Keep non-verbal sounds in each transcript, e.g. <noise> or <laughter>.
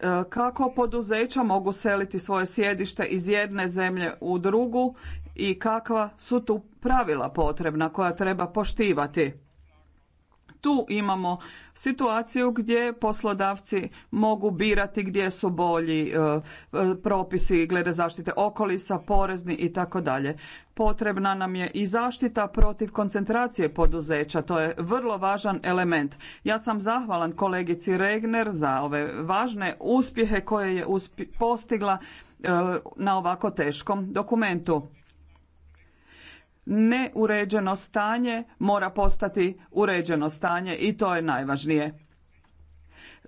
E, kako poduzeća mogu seliti svoje sjedište iz jedne zemlje u drugu i kakva su tu pravila potrebna koja treba poštivati. Tu imamo situaciju gdje poslodavci mogu birati gdje su bolji e, e, propisi glede zaštite okolisa, porezni i tako dalje. Potrebna nam je i zaštita protiv koncentracije poduzeća, to je vrlo važan element. Ja sam zahvalan kolegici Regner za ove važne uspjehe koje je postigla e, na ovako teškom dokumentu neuređeno stanje mora postati uređeno stanje i to je najvažnije.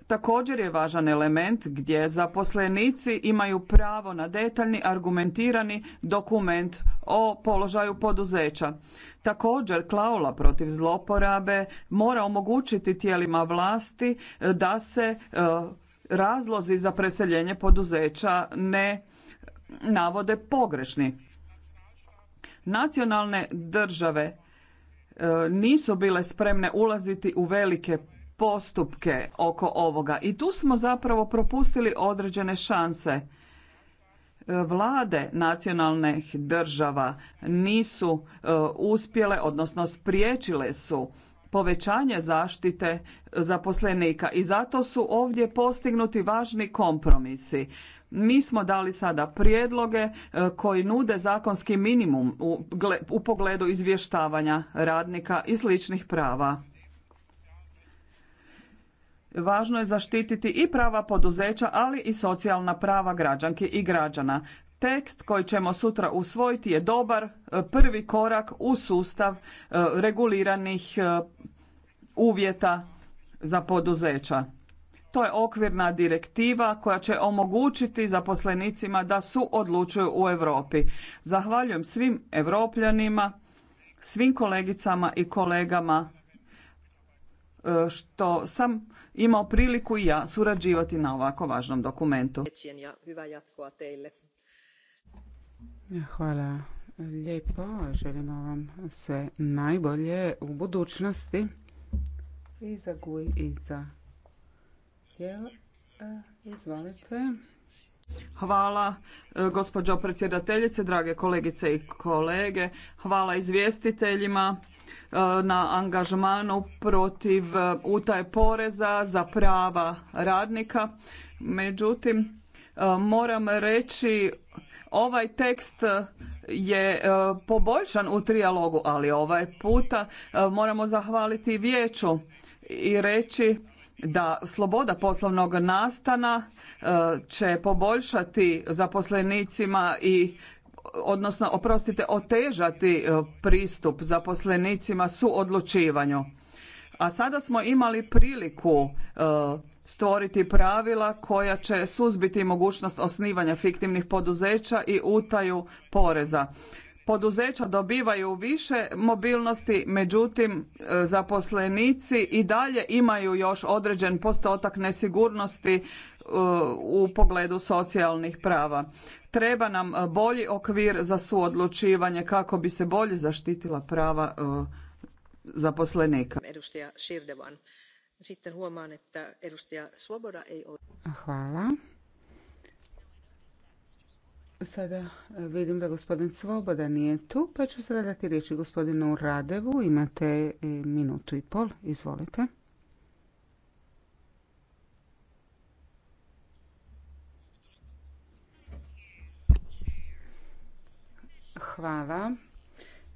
Također je važan element gdje zaposlenici imaju pravo na detaljni argumentirani dokument o položaju poduzeća. Također klaula protiv zloporabe mora omogućiti tijelima vlasti e, da se e, razlozi za preseljenje poduzeća ne navode pogrešni. Nacionalne države e, nisu bile spremne ulaziti u velike postupke oko ovoga i tu smo zapravo propustili određene šanse. E, Vlade nacionalnih država nisu e, uspjele, odnosno spriječile su povećanje zaštite zaposlenika i zato su ovdje postignuti važni kompromisi. Mi smo dali sada prijedloge e, koji nude zakonski minimum u pogledu izvještavanja radnika i sličnih prava. Važno je zaštititi i prava poduzeća, ali i socijalna prava građanki i građana. Tekst koji ćemo sutra usvojiti je dobar e, prvi korak u sustav e, reguliranih uvjeta za poduzeća. To je okvirna direktiva koja će omogućiti zaposlenicima da su odlučuju u Europi. Zahvaljujem svim europljanima, svim kolegicama i kolegama e, što sam imao priliku i ja surađivati na ovako važnom dokumentu. Hvala lijepo. Želimo vam sve najbolje u budućnosti i za i za E, Hvala e, gospođo predsjedateljice, drage kolegice i kolege. Hvala izvjestiteljima e, na angažmanu protiv utaje poreza za prava radnika. Međutim, moram reći ovaj tekst je poboljšan u trijalogu, ali ovaj puta moramo zahvaliti vijeću i reći da sloboda poslovnog nastana e, će poboljšati zaposlenicima i odnosno oprostite otežati e, pristup zaposlenicima su odlučivanju. A sada smo imali priliku e, stvoriti pravila koja će suzbiti mogućnost osnivanja fiktivnih poduzeća i utaju poreza poduzeća dobivaju više mobilnosti, međutim e, zaposlenici i dalje imaju još određen postotak nesigurnosti e, u pogledu socijalnih prava. Treba nam e, bolji okvir za suodlučivanje kako bi se bolje zaštitila prava zaposlenika. Hvala. Sada e, vidim da gospodin Svoboda nije tu, pa ću sada dati riječi gospodinu Radevu. Imate e, minutu i pol, izvolite. Hvala.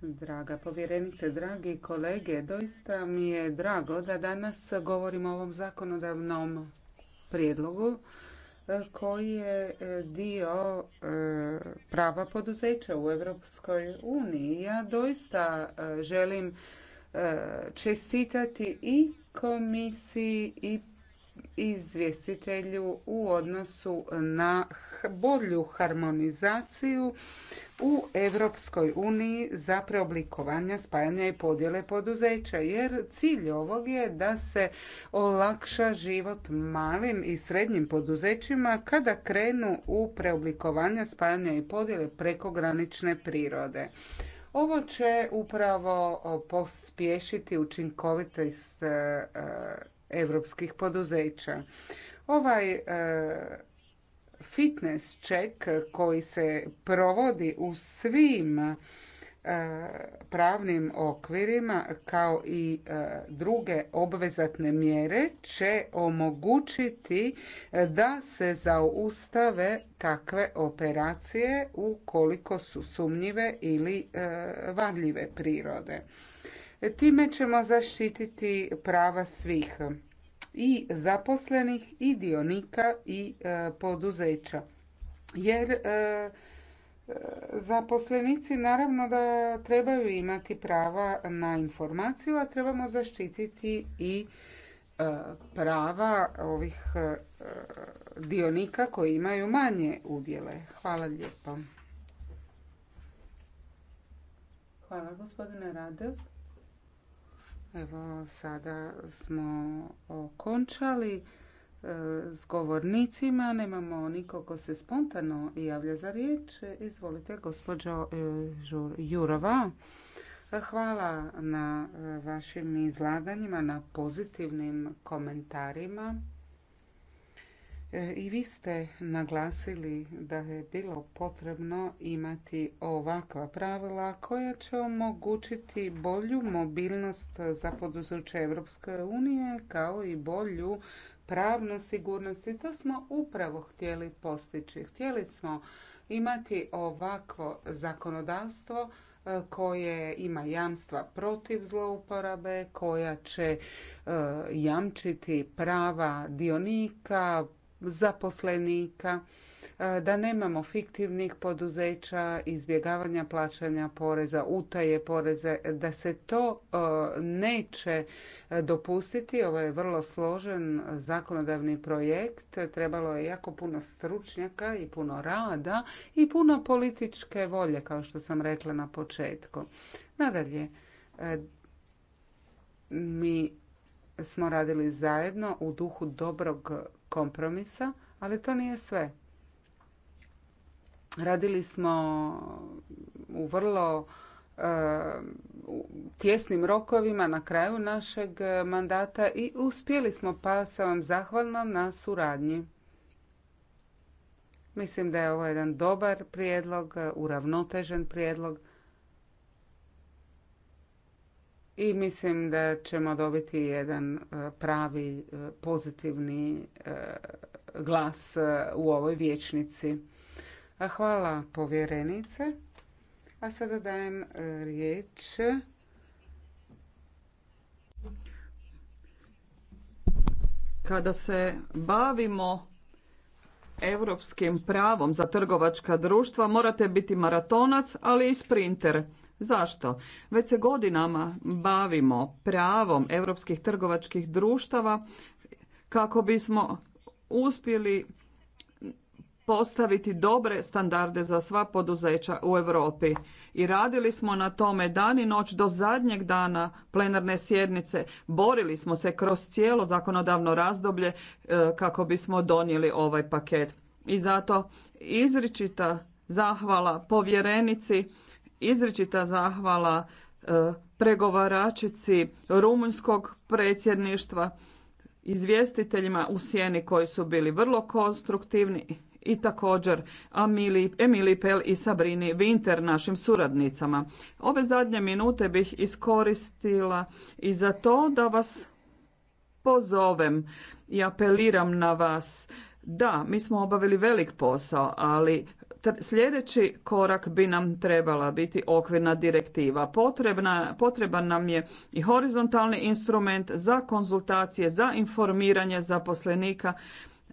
Draga povjerenice, dragi kolege, doista mi je drago da danas govorimo o ovom zakonodavnom prijedlogu koji je e, dio e, prava poduzeća u Europskoj uniji. Ja doista e, želim čestitati i komisiji i izvjestitelju u odnosu na bolju harmonizaciju u Europskoj uniji za preoblikovanje, spajanje i podjele poduzeća jer cilj ovog je da se olakša život malim i srednjim poduzećima kada krenu u preoblikovanje, spajanje i podjele prekogranične prirode. Ovo će upravo pospješiti učinkovitost e, europskih poduzeća. Ovaj e, fitness check koji se provodi u svim e, pravnim okvirima kao i e, druge obvezatne mjere će omogućiti da se zaustave takve operacije ukoliko su sumnjive ili varljive prirode. Time ćemo zaštititi prava svih i zaposlenih i dionika i e, poduzeća. Jer e, e, zaposlenici naravno da trebaju imati prava na informaciju, a trebamo zaštititi i prava ovih dionika koji imaju manje udjele. Hvala lijepo. Hvala gospodine Radev. Evo, sada smo okončali e, s govornicima. Nemamo nikog ko se spontano javlja za riječ. Izvolite, gospođo e, Jurova. Hvala na e, vašim izlaganjima, na pozitivnim komentarima. E, I vi ste naglasili da je bilo potrebno imati ovakva pravila koja će omogućiti bolju mobilnost za poduzeće Europske unije kao i bolju pravnu sigurnost i to smo upravo htjeli postići. Htjeli smo imati ovakvo zakonodavstvo e, koje ima jamstva protiv zlouporabe, koja će e, jamčiti prava dionika, zaposlenika, e, da nemamo fiktivnih poduzeća, izbjegavanja plaćanja poreza, utaje poreze, da se to e, neće e, dopustiti. Ovo je vrlo složen zakonodavni projekt. Trebalo je jako puno stručnjaka i puno rada i puno političke volje, kao što sam rekla na početku. Nadalje, mi smo radili zajedno u duhu dobrog kompromisa, ali to nije sve. Radili smo u vrlo eh, tjesnim rokovima na kraju našeg mandata i uspjeli smo pa sam vam zahvalna na suradnji. Mislim da je ovo jedan dobar prijedlog, uravnotežen prijedlog i mislim da ćemo dobiti jedan e, pravi e, pozitivni e, glas u ovoj vječnici. Hvala povjerenice. A sada dajem riječ kada se bavimo europskim pravom za trgovačka društva morate biti maratonac, ali i sprinter. Zašto? Već se godinama bavimo pravom europskih trgovačkih društava kako bismo uspjeli postaviti dobre standarde za sva poduzeća u Europi. I radili smo na tome dan i noć do zadnjeg dana plenarne sjednice. Borili smo se kroz cijelo zakonodavno razdoblje e, kako bismo donijeli ovaj paket. I zato izričita zahvala povjerenici izričita zahvala e, pregovaračici rumunjskog predsjedništva, izvjestiteljima u sjeni koji su bili vrlo konstruktivni i također Amili, Emili Pel i Sabrini Winter, našim suradnicama. Ove zadnje minute bih iskoristila i za to da vas pozovem i apeliram na vas. Da, mi smo obavili velik posao, ali Sljedeći korak bi nam trebala biti okvirna direktiva. Potrebna, potreban nam je i horizontalni instrument za konzultacije, za informiranje zaposlenika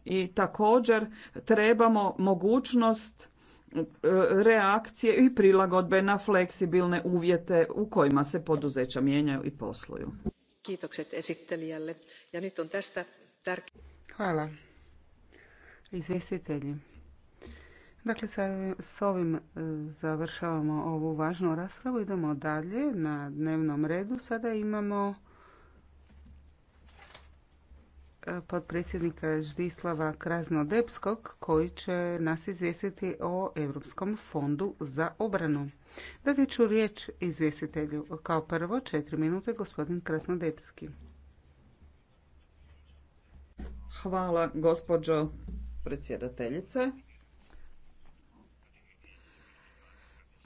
i također trebamo mogućnost e, reakcije i prilagodbe na fleksibilne uvjete u kojima se poduzeća mijenjaju i posluju. Hvala. Izvjestitelji. Dakle, s ovim e, završavamo ovu važnu raspravu. Idemo dalje na dnevnom redu. Sada imamo e, potpredsjednika Ždislava Krasnodepskog koji će nas izvijestiti o Europskom fondu za obranu. Dati ću riječ izvjestitelju. Kao prvo, četiri minute, gospodin Krasnodepski. Hvala, gospođo predsjedateljice.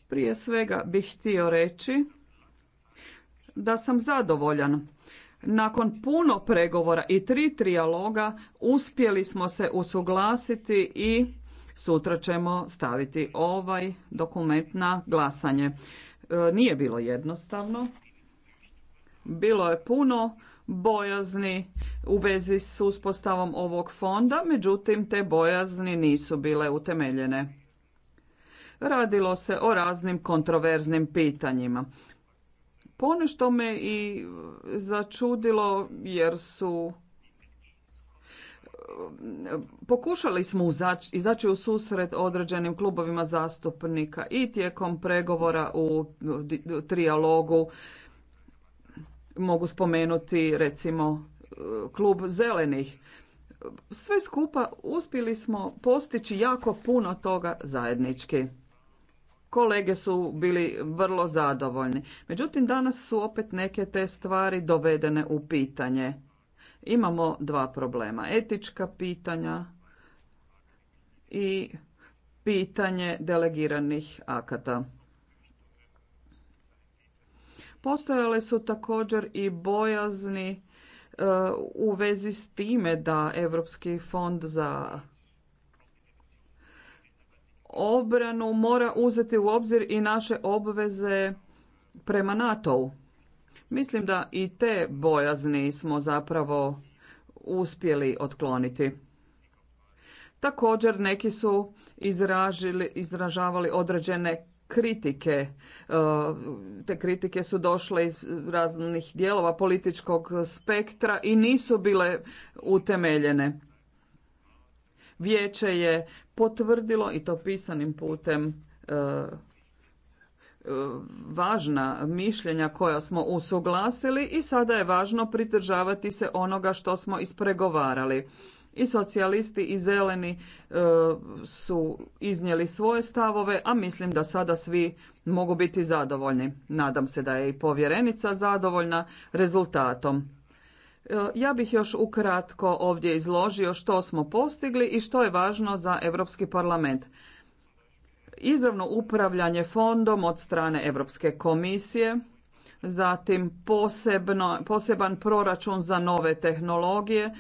Prije svega bih htio reći da sam zadovoljan. Nakon puno pregovora i tri trijaloga uspjeli smo se usuglasiti i sutra ćemo staviti ovaj dokument na glasanje. E, nije bilo jednostavno. Bilo je puno bojazni u vezi s uspostavom ovog fonda, međutim te bojazni nisu bile utemeljene. Radilo se o raznim kontroverznim pitanjima. Ponešto me i začudilo jer su pokušali smo izaći u susret određenim klubovima zastupnika i tijekom pregovora u trijalogu mogu spomenuti recimo klub zelenih. Sve skupa uspjeli smo postići jako puno toga zajednički kolege su bili vrlo zadovoljni. Međutim, danas su opet neke te stvari dovedene u pitanje. Imamo dva problema. Etička pitanja i pitanje delegiranih akata. Postojale su također i bojazni e, u vezi s time da Europski fond za obranu mora uzeti u obzir i naše obveze prema NATO-u. Mislim da i te bojazni smo zapravo uspjeli otkloniti. Također neki su izražili, izražavali određene kritike. E, te kritike su došle iz raznih dijelova političkog spektra i nisu bile utemeljene. Vijeće je potvrdilo i to pisanim putem e, e, važna mišljenja koja smo usuglasili i sada je važno pridržavati se onoga što smo ispregovarali. I socijalisti i zeleni e, su iznijeli svoje stavove, a mislim da sada svi mogu biti zadovoljni. Nadam se da je i povjerenica zadovoljna rezultatom. E, ja bih još ukratko ovdje izložio što smo postigli i što je važno za Europski parlament. Izravno upravljanje fondom od strane Europske komisije, zatim posebno, poseban proračun za nove tehnologije, e,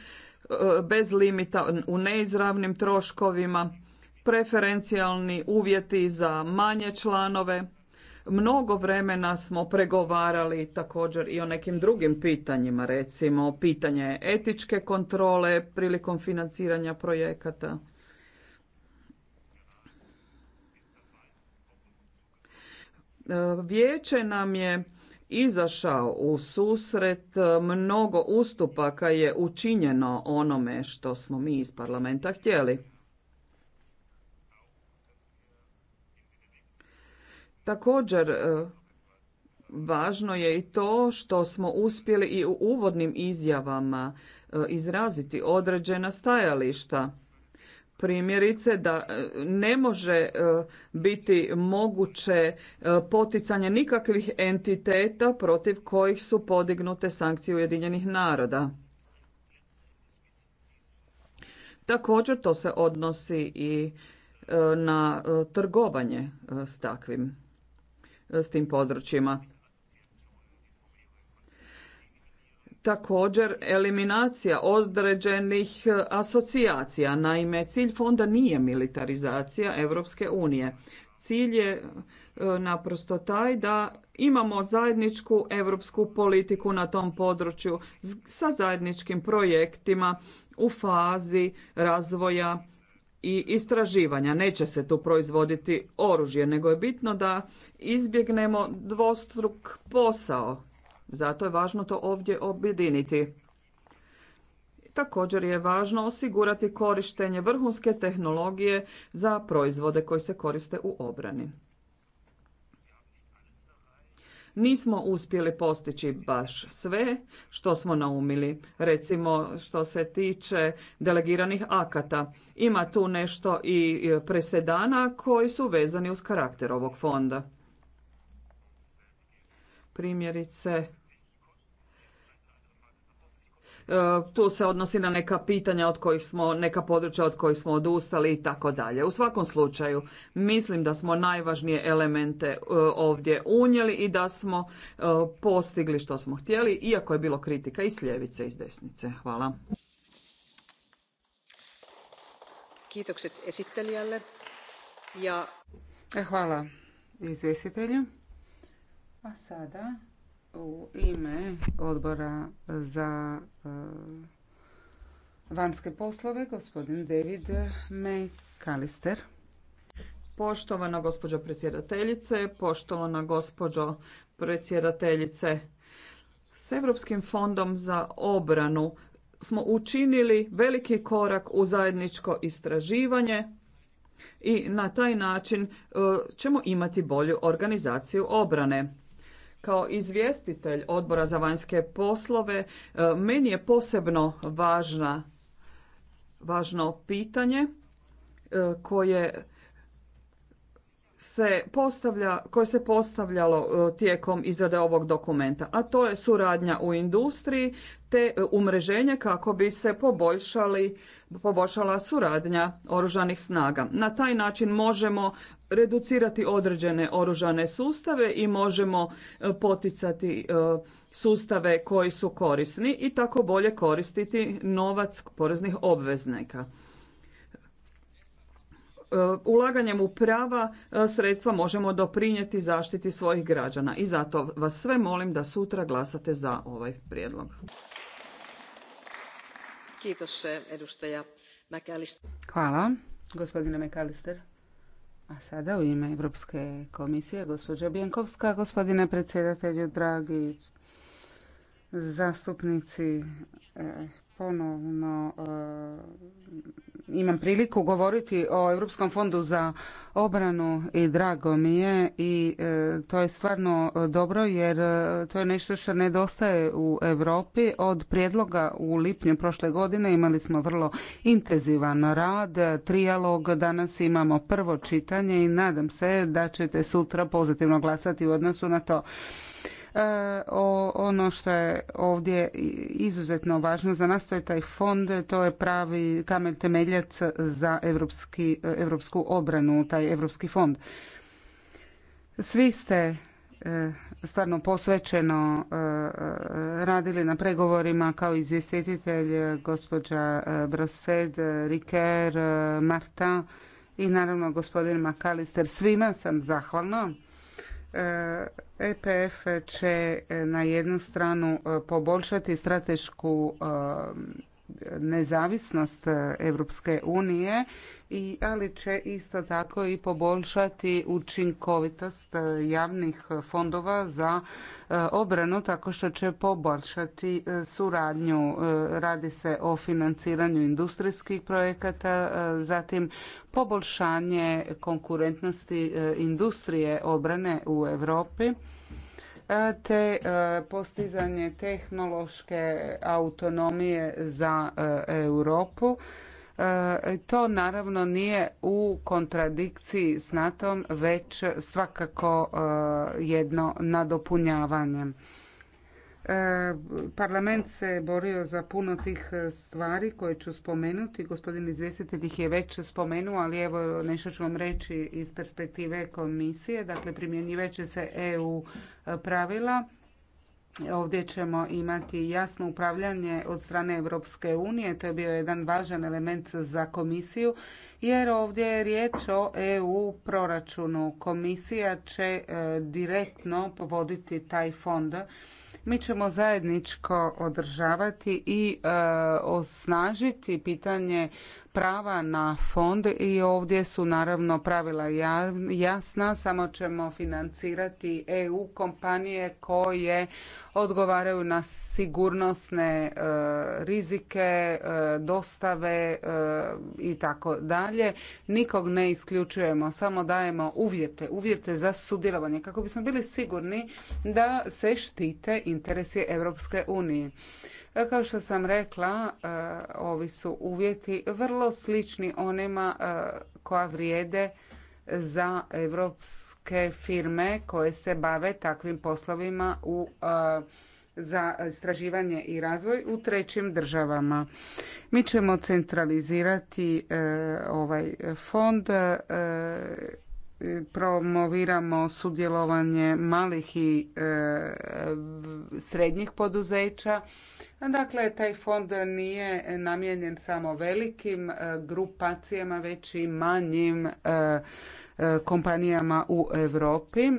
bez limita u neizravnim troškovima, preferencijalni uvjeti za manje članove, Mnogo vremena smo pregovarali također i o nekim drugim pitanjima, recimo pitanje etičke kontrole prilikom financiranja projekata. Vijeće nam je izašao u susret, mnogo ustupaka je učinjeno onome što smo mi iz parlamenta htjeli. Također, e, važno je i to što smo uspjeli i u uvodnim izjavama e, izraziti određena stajališta. Primjerice da e, ne može biti moguće poticanje nikakvih entiteta protiv kojih su podignute sankcije Ujedinjenih naroda. Također to se odnosi i na trgovanje s takvim E, s tim područjima. Također, eliminacija određenih e, asocijacija. Naime, cilj fonda nije militarizacija Europske unije. Cilj je e, naprosto taj da imamo zajedničku europsku politiku na tom području sa zajedničkim projektima u fazi razvoja i istraživanja. Neće se tu proizvoditi oružje, nego je bitno da izbjegnemo dvostruk posao. Zato je važno to ovdje objediniti. Također je važno osigurati korištenje vrhunske tehnologije za proizvode koji se koriste u obrani. Nismo uspjeli postići baš sve što smo naumili. Recimo što se tiče delegiranih akata. Ima tu nešto i presedana koji su vezani uz karakter ovog fonda. Primjerice, E, tu se odnosi na neka pitanja od kojih smo, neka područja od kojih smo odustali i tako dalje. U svakom slučaju mislim da smo najvažnije elemente e, ovdje unijeli i da smo e, postigli što smo htjeli, iako je bilo kritika i s ljevice i s desnice. Hvala. Hvala izvjestitelju. A sada u ime odbora za e, vanjske poslove, gospodin David May Kalister. Poštovana gospođo predsjedateljice, poštovana gospođo predsjedateljice, s Europskim fondom za obranu smo učinili veliki korak u zajedničko istraživanje i na taj način e, ćemo imati bolju organizaciju obrane. Kao izvjestitelj odbora za vanjske poslove, e, meni je posebno važna, važno pitanje e, koje se postavlja, koje se postavljalo e, tijekom izrade ovog dokumenta, a to je suradnja u industriji te umreženje kako bi se poboljšali poboljšala suradnja oružanih snaga. Na taj način možemo reducirati određene oružane sustave i možemo e, poticati e, sustave koji su korisni i tako bolje koristiti novac poreznih obveznika. E, ulaganjem u prava sredstva možemo doprinijeti zaštiti svojih građana i zato vas sve molim da sutra glasate za ovaj prijedlog. Hvala, gospodine McAllister. A sada u ime Europske komisije, gospođa Bjenkovska, gospodine predsjedatelju, dragi zastupnici, eh, ponovno eh, imam priliku govoriti o Europskom fondu za obranu i drago mi je i eh, to je stvarno dobro jer eh, to je nešto što nedostaje u Europi. Od prijedloga u lipnju prošle godine imali smo vrlo intenzivan rad, trijalog, danas imamo prvo čitanje i nadam se da ćete sutra pozitivno glasati u odnosu na to. E, ono što je ovdje izuzetno važno za nas to je taj fond, to je pravi kamen temeljac za evropski, e, evropsku obranu, taj evropski fond. Svi ste e, stvarno posvećeno radili na pregovorima kao izvjestitelj gospođa Brosed, Riker, Marta i naravno gospodin Makalister. Svima sam zahvalna EPF će na jednu stranu e, poboljšati stratešku e, nezavisnost Europske unije, i, ali će isto tako i poboljšati učinkovitost e, javnih fondova za e, obranu tako što će poboljšati e, suradnju. Radi se o financiranju industrijskih projekata, zatim poboljšanje konkurentnosti industrije obrane u Europi te postizanje tehnološke autonomije za Europu. To naravno nije u kontradikciji s NATO-om, već svakako jedno nadopunjavanje. E, parlament se borio za puno tih e, stvari koje ću spomenuti. Gospodin izvjestitelj ih je već spomenuo, ali evo nešto ću vam reći iz perspektive komisije. Dakle, primjenjivaće se EU e, pravila. Ovdje ćemo imati jasno upravljanje od strane Europske unije. To je bio jedan važan element za komisiju, jer ovdje je riječ o EU proračunu. Komisija će direktno povoditi taj fond mi ćemo zajedničko održavati i e, osnažiti pitanje prava na fond i ovdje su naravno pravila jasna, samo ćemo financirati EU kompanije koje odgovaraju na sigurnosne e, rizike, e, dostave e, i tako dalje. Nikog ne isključujemo, samo dajemo uvjete, uvjete za sudjelovanje kako bismo bili sigurni da se štite interesi Europske unije. E, kao što sam rekla, e, ovi su uvjeti vrlo slični onima e, koja vrijede za evropske firme koje se bave takvim poslovima u za istraživanje i razvoj u trećim državama. Mi ćemo centralizirati ovaj fond promoviramo sudjelovanje malih i srednjih poduzeća Dakle, taj fond nije namijenjen samo velikim e, grupacijama, već i manjim e, e, kompanijama u Europi.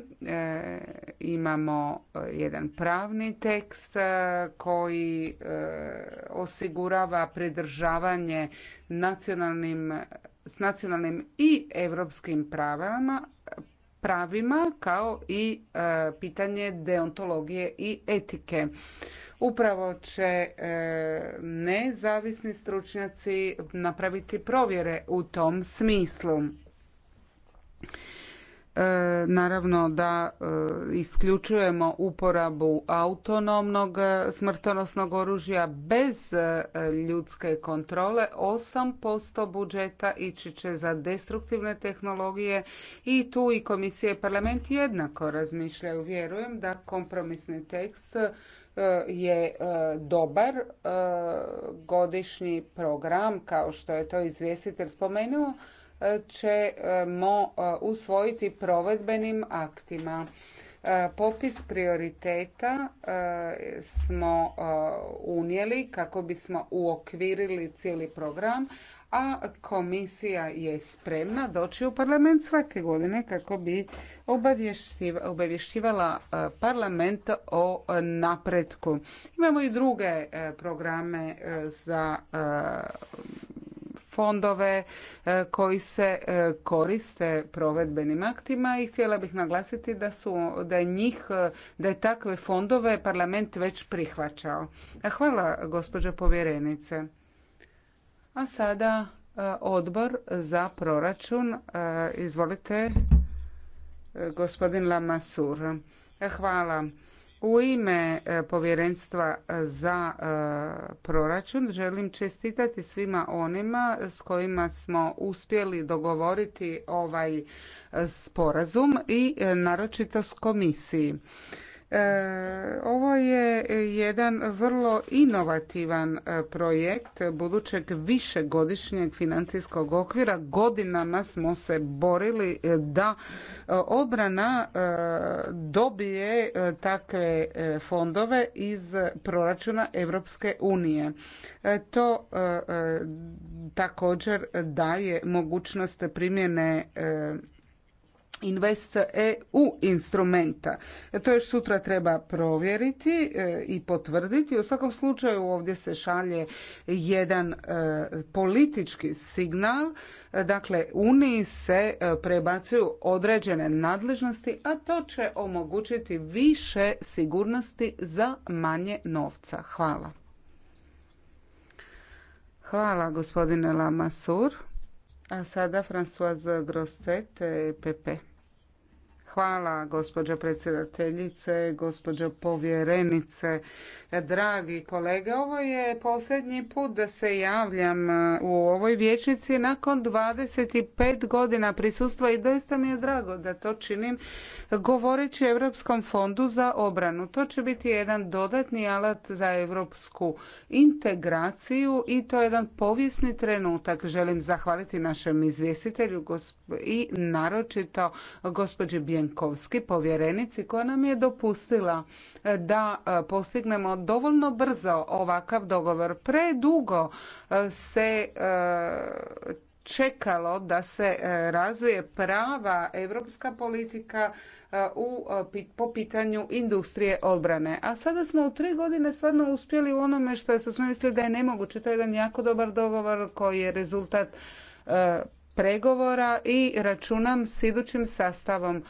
Imamo jedan pravni tekst koji osigurava pridržavanje nacionalnim, s nacionalnim i europskim pravama, pravima kao i pitanje deontologije i etike. Upravo će e, nezavisni stručnjaci napraviti provjere u tom smislu. E, naravno da e, isključujemo uporabu autonomnog smrtonosnog oružja bez ljudske kontrole. 8% budžeta ići će za destruktivne tehnologije i tu i komisije i parlament jednako razmišljaju. Vjerujem da kompromisni tekst je e, dobar e, godišnji program, kao što je to izvjestitelj spomenuo, e, ćemo usvojiti provedbenim aktima. Popis prioriteta smo unijeli kako bismo uokvirili cijeli program, a komisija je spremna doći u parlament svake godine kako bi obavješćivala e, parlament o napretku. Imamo i druge e, programe e, za fondove koji se koriste provedbenim aktima i htjela bih naglasiti da su da je njih da je takve fondove parlament već prihvaćao. Hvala gospođo povjerenice. A sada e, odbor za proračun. E, izvolite, e, gospodin Lamasur. Hvala. U ime povjerenstva za proračun želim čestitati svima onima s kojima smo uspjeli dogovoriti ovaj sporazum i naročito s komisiji. E, ovo je jedan vrlo inovativan e, projekt budućeg višegodišnjeg financijskog okvira. Godinama smo se borili e, da obrana dobije takve fondove iz proračuna Europske unije. To također daje mogućnost primjene Invest EU instrumenta. E, to još sutra treba provjeriti e, i potvrditi. U svakom slučaju ovdje se šalje jedan e, politički signal. Dakle, Uniji se prebacuju određene nadležnosti, a to će omogućiti više sigurnosti za manje novca. Hvala. Hvala gospodine Lamasur. A sada Françoise Grostet, PP. E Hvala gospođo predsjedateljice, gospođo povjerenice. Dragi kolege, ovo je posljednji put da se javljam e, u ovoj vječnici nakon 25 godina prisustva i doista mi je drago da to činim govoreći Europskom fondu za obranu. To će biti jedan dodatni alat za europsku integraciju i to je jedan povijesni trenutak. Želim zahvaliti našem izvjestitelju i naročito gospođi Bjenkovski, povjerenici koja nam je dopustila da e, postignemo dovoljno brzo ovakav dogovor. Predugo e, se e, čekalo da se razvije prava europska politika u, po pitanju industrije obrane. A sada smo u tri godine stvarno uspjeli u onome što su smo mislili da je nemoguće. To je jedan jako dobar dogovor koji je rezultat pregovora i računam s idućim sastavom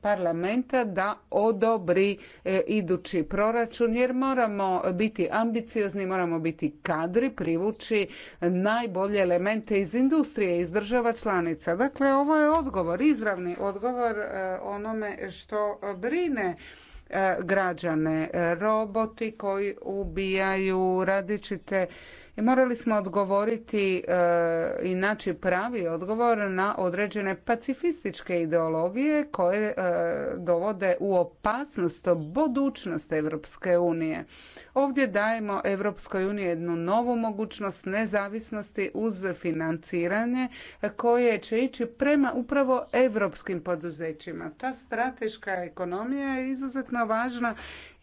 parlamenta da odobri e, idući proračun jer moramo biti ambiciozni, moramo biti kadri, privući najbolje elemente iz industrije, iz država članica. Dakle, ovo je odgovor, izravni odgovor e, onome što brine e, građane. Roboti koji ubijaju različite i morali smo odgovoriti e, i naći pravi odgovor na određene pacifističke ideologije koje e, dovode u opasnost budućnost Europske unije. Ovdje dajemo Europskoj uniji jednu novu mogućnost nezavisnosti uz financiranje koje će ići prema upravo europskim poduzećima. Ta strateška ekonomija je izuzetno važna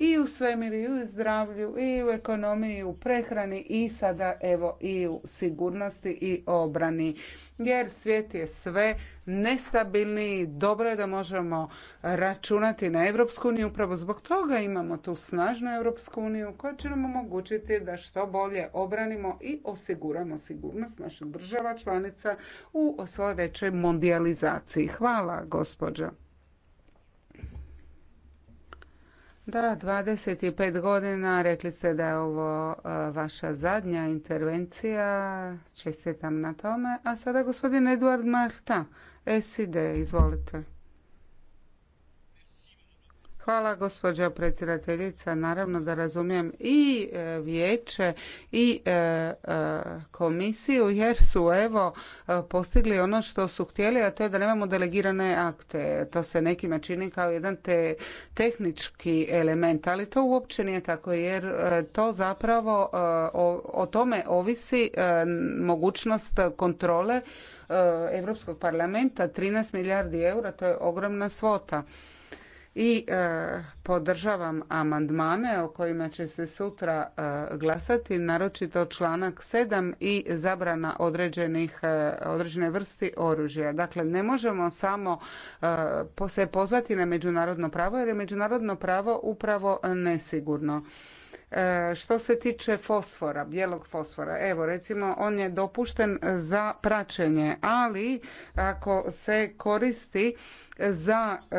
i u svemiru, i u zdravlju, i u ekonomiji, i u prehrani, i sada evo i u sigurnosti i obrani. Jer svijet je sve nestabilniji, dobro je da možemo računati na Europsku uniju, upravo zbog toga imamo tu snažnu Europsku uniju koja će nam omogućiti da što bolje obranimo i osiguramo sigurnost naših država članica u svojoj većoj mondializaciji. Hvala, gospođa. Da, 25 godina, rekli ste da je ovo e, vaša zadnja intervencija, čestitam na tome. A sada gospodin Eduard Marta, SID, izvolite. Hvala gospođo predsjedateljica. Naravno da razumijem i e, vijeće i e, e, komisiju jer su evo postigli ono što su htjeli, a to je da nemamo delegirane akte. To se nekima čini kao jedan tehnički element, ali to uopće nije tako jer to zapravo o tome ovisi mogućnost kontrole Europskog parlamenta 13 milijardi eura, to je ogromna svota i e, podržavam amandmane o kojima će se sutra e, glasati, naročito članak 7 i zabrana e, određene vrsti oružja. Dakle, ne možemo samo se pozvati na međunarodno pravo jer je međunarodno pravo upravo nesigurno. E, što se tiče fosfora, bijelog fosfora, evo recimo on je dopušten za praćenje, ali ako se koristi za e,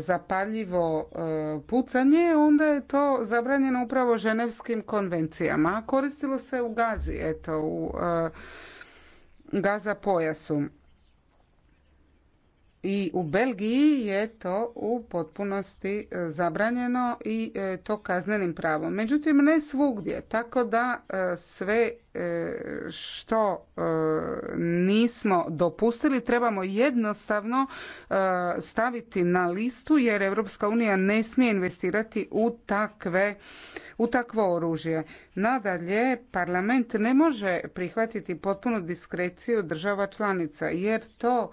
zapaljivo e, pucanje, onda je to zabranjeno upravo ženevskim konvencijama. A koristilo se u Gazi, eto u Gaza pojasu i u Belgiji je to u potpunosti e, zabranjeno i e, to kaznenim pravom. Međutim, ne svugdje, tako da e, sve što nismo dopustili trebamo jednostavno staviti na listu jer Europska unija ne smije investirati u takve u takvo oružje. Nadalje, parlament ne može prihvatiti potpunu diskreciju država članica jer to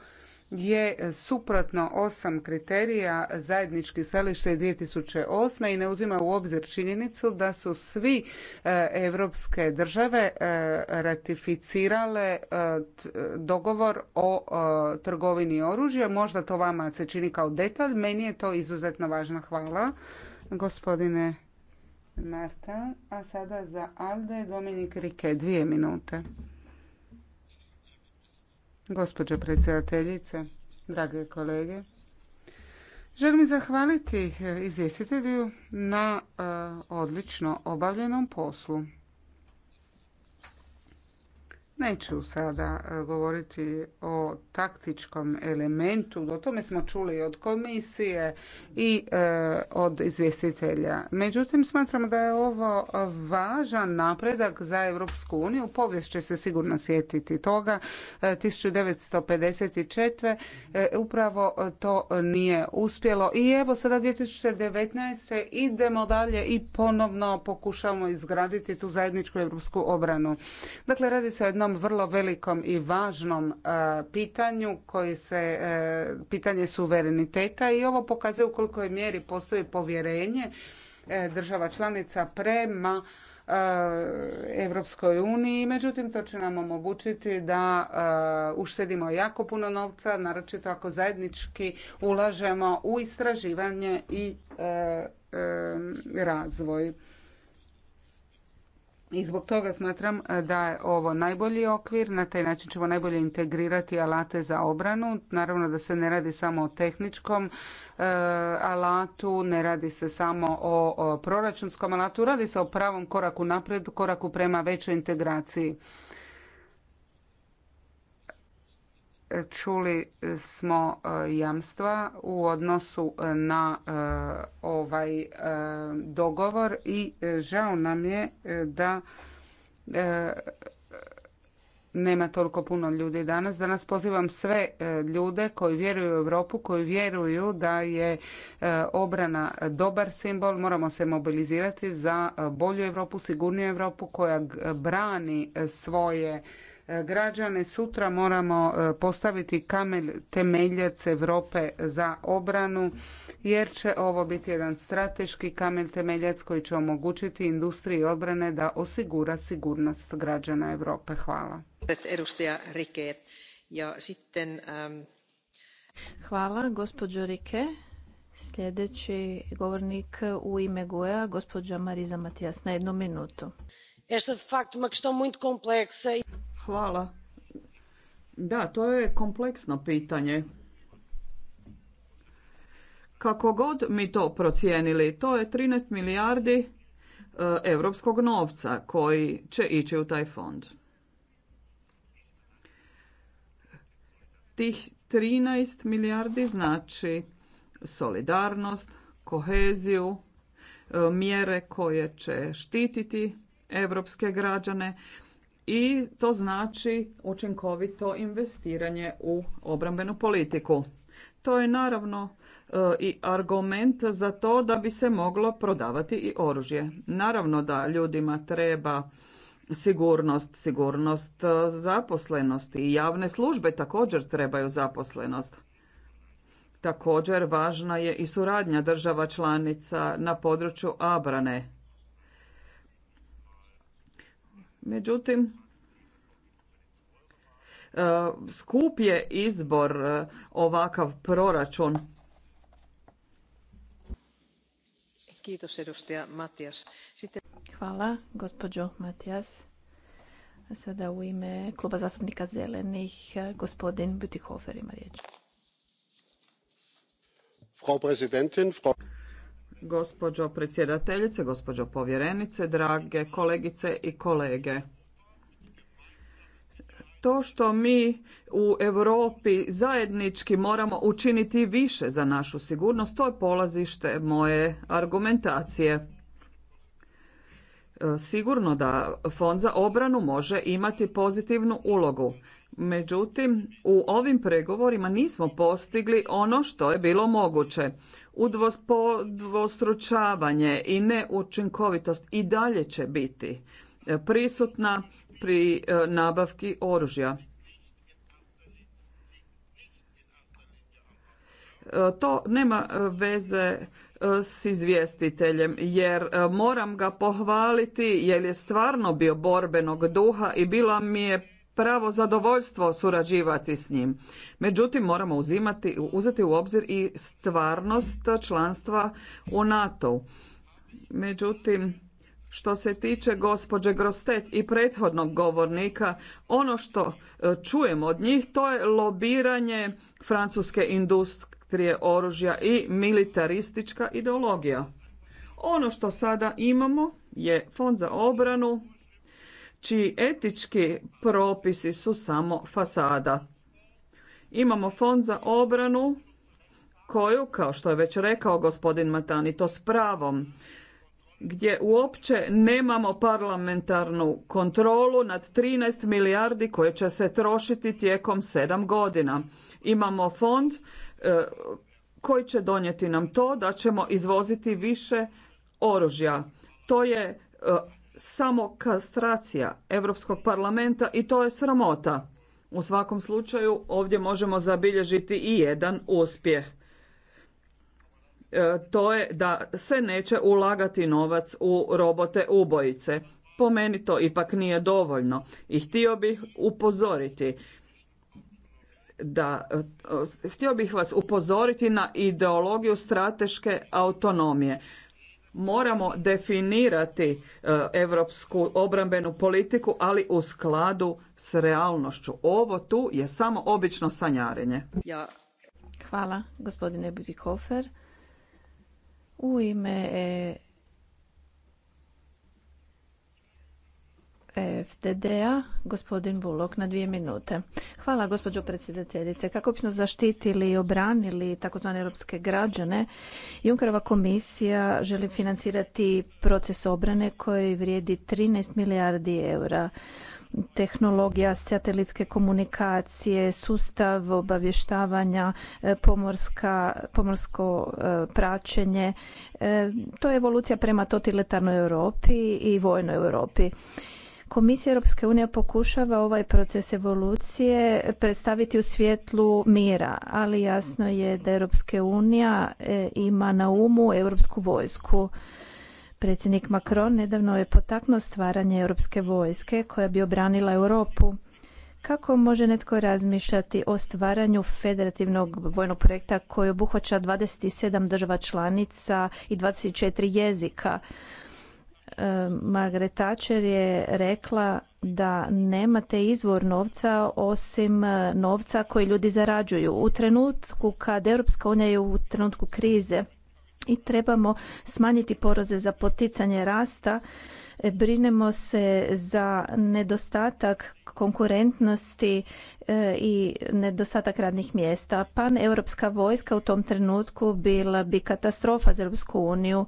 je suprotno osam kriterija zajedničkih stajališta 2008. i ne uzima u obzir činjenicu da su svi europske države e, ratificirale e, dogovor o e, trgovini oružja. Možda to vama se čini kao detalj, meni je to izuzetno važno. Hvala gospodine Marta. A sada za Alde Dominik Rike, dvije minute. Gospođo predsjedateljice, drage kolege, želim zahvaliti izvjestitelju na e, odlično obavljenom poslu. Neću sada e, govoriti o taktičkom elementu, o tome smo čuli od komisije i e, od izvjestitelja. Međutim, smatramo da je ovo važan napredak za Europsku uniju. Povijest će se sigurno sjetiti toga. 1954. E, upravo to nije uspjelo i evo sada 2019. idemo dalje i ponovno pokušamo izgraditi tu zajedničku europsku obranu. Dakle, radi se o jednom vrlo velikom i važnom e, pitanju koji se e, pitanje suvereniteta i ovo pokazuje u kolikoj mjeri postoji povjerenje e, država članica prema Europskoj uniji. Međutim, to će nam omogućiti da uštedimo jako puno novca, naročito ako zajednički ulažemo u istraživanje i razvoj. I zbog toga smatram e, da je ovo najbolji okvir, na taj način ćemo najbolje integrirati alate za obranu. Naravno da se ne radi samo o tehničkom e, alatu, ne radi se samo o, o proračunskom alatu, radi se o pravom koraku naprijed, koraku prema većoj integraciji. čuli e, smo e, jamstva u odnosu e, na ovaj dogovor i žao nam je da nema toliko puno ljudi danas. Danas pozivam sve ljude koji vjeruju u Europu, koji vjeruju da je obrana dobar simbol. Moramo se mobilizirati za bolju Europu, sigurniju Europu koja brani svoje građane. Sutra moramo e, postaviti kamen temeljac Europe za obranu jer će ovo biti jedan strateški kamen temeljac koji će omogućiti industriji obrane da osigura sigurnost građana Europe. Hvala. Hvala, gospođo Rike. Sljedeći govornik u ime GUE-a, gospođa Mariza Matijas, na jednu minutu. Esta, de facto, uma questão e Hvala. Da, to je kompleksno pitanje. Kako god mi to procijenili, to je 13 milijardi europskog novca koji će ići u taj fond. Tih 13 milijardi znači solidarnost, koheziju, e, mjere koje će štititi europske građane, i to znači učinkovito investiranje u obrambenu politiku. To je naravno e, i argument za to da bi se moglo prodavati i oružje. Naravno da ljudima treba sigurnost, sigurnost e, zaposlenosti i javne službe također trebaju zaposlenost. Također važna je i suradnja država članica na području abrane Međutim, e, skup je izbor e, ovakav proračun. Hvala, gospođo Matijas. Sada u ime kluba zastupnika zelenih, e, gospodin Butikofer ima riječ. Frau Präsidentin, Frau... Gospođo predsjedateljice, gospođo povjerenice, drage kolegice i kolege. To što mi u Europi zajednički moramo učiniti više za našu sigurnost, to je polazište moje argumentacije. E, sigurno da Fond za obranu može imati pozitivnu ulogu. Međutim, u ovim pregovorima nismo postigli ono što je bilo moguće. Udvostručavanje i neučinkovitost i dalje će biti e, prisutna pri e, nabavki oružja. E, to nema veze s izvjestiteljem jer moram ga pohvaliti jer je stvarno bio borbenog duha i bila mi je pravo zadovoljstvo surađivati s njim. Međutim, moramo uzimati, uzeti u obzir i stvarnost članstva u nato Međutim, što se tiče gospođe Grostet i prethodnog govornika, ono što e, čujemo od njih to je lobiranje francuske industrije oružja i militaristička ideologija. Ono što sada imamo je fond za obranu čiji etički propisi su samo fasada. Imamo fond za obranu koju, kao što je već rekao gospodin Matani, to s pravom, gdje uopće nemamo parlamentarnu kontrolu nad 13 milijardi koje će se trošiti tijekom sedam godina. Imamo fond e, koji će donijeti nam to da ćemo izvoziti više oružja. To je e, samo kastracija Europskog parlamenta i to je sramota. U svakom slučaju ovdje možemo zabilježiti i jedan uspjeh. E, to je da se neće ulagati novac u robote ubojice. Po meni to ipak nije dovoljno i htio bih upozoriti da e, htio bih vas upozoriti na ideologiju strateške autonomije moramo definirati europsku obrambenu politiku, ali u skladu s realnošću. Ovo tu je samo obično sanjarenje. Ja. Hvala, gospodine Budikofer. U ime FDD-a, gospodin Bulok, na dvije minute. Hvala, gospođo predsjedateljice. Kako bismo zaštitili i obranili takozvane europske građane, Junkerova komisija želi financirati proces obrane koji vrijedi 13 milijardi eura tehnologija satelitske komunikacije, sustav obavještavanja, e, pomorska, pomorsko e, praćenje. E, to je evolucija prema totalitarnoj Europi i vojnoj Europi. Komisija Europske unije pokušava ovaj proces evolucije predstaviti u svjetlu mira, ali jasno je da Europske unija e, ima na umu europsku vojsku. Predsjednik Macron nedavno je potaknuo stvaranje europske vojske koja bi obranila Europu. Kako može netko razmišljati o stvaranju federativnog vojnog projekta koji obuhvaća 27 država članica i 24 jezika? E, Margaret Thatcher je rekla da nemate izvor novca osim e, novca koji ljudi zarađuju. U trenutku kad Europska unija je u trenutku krize i trebamo smanjiti poroze za poticanje rasta, e, brinemo se za nedostatak konkurentnosti i nedostatak radnih mjesta. Pan europska vojska u tom trenutku bila bi katastrofa za Europsku uniju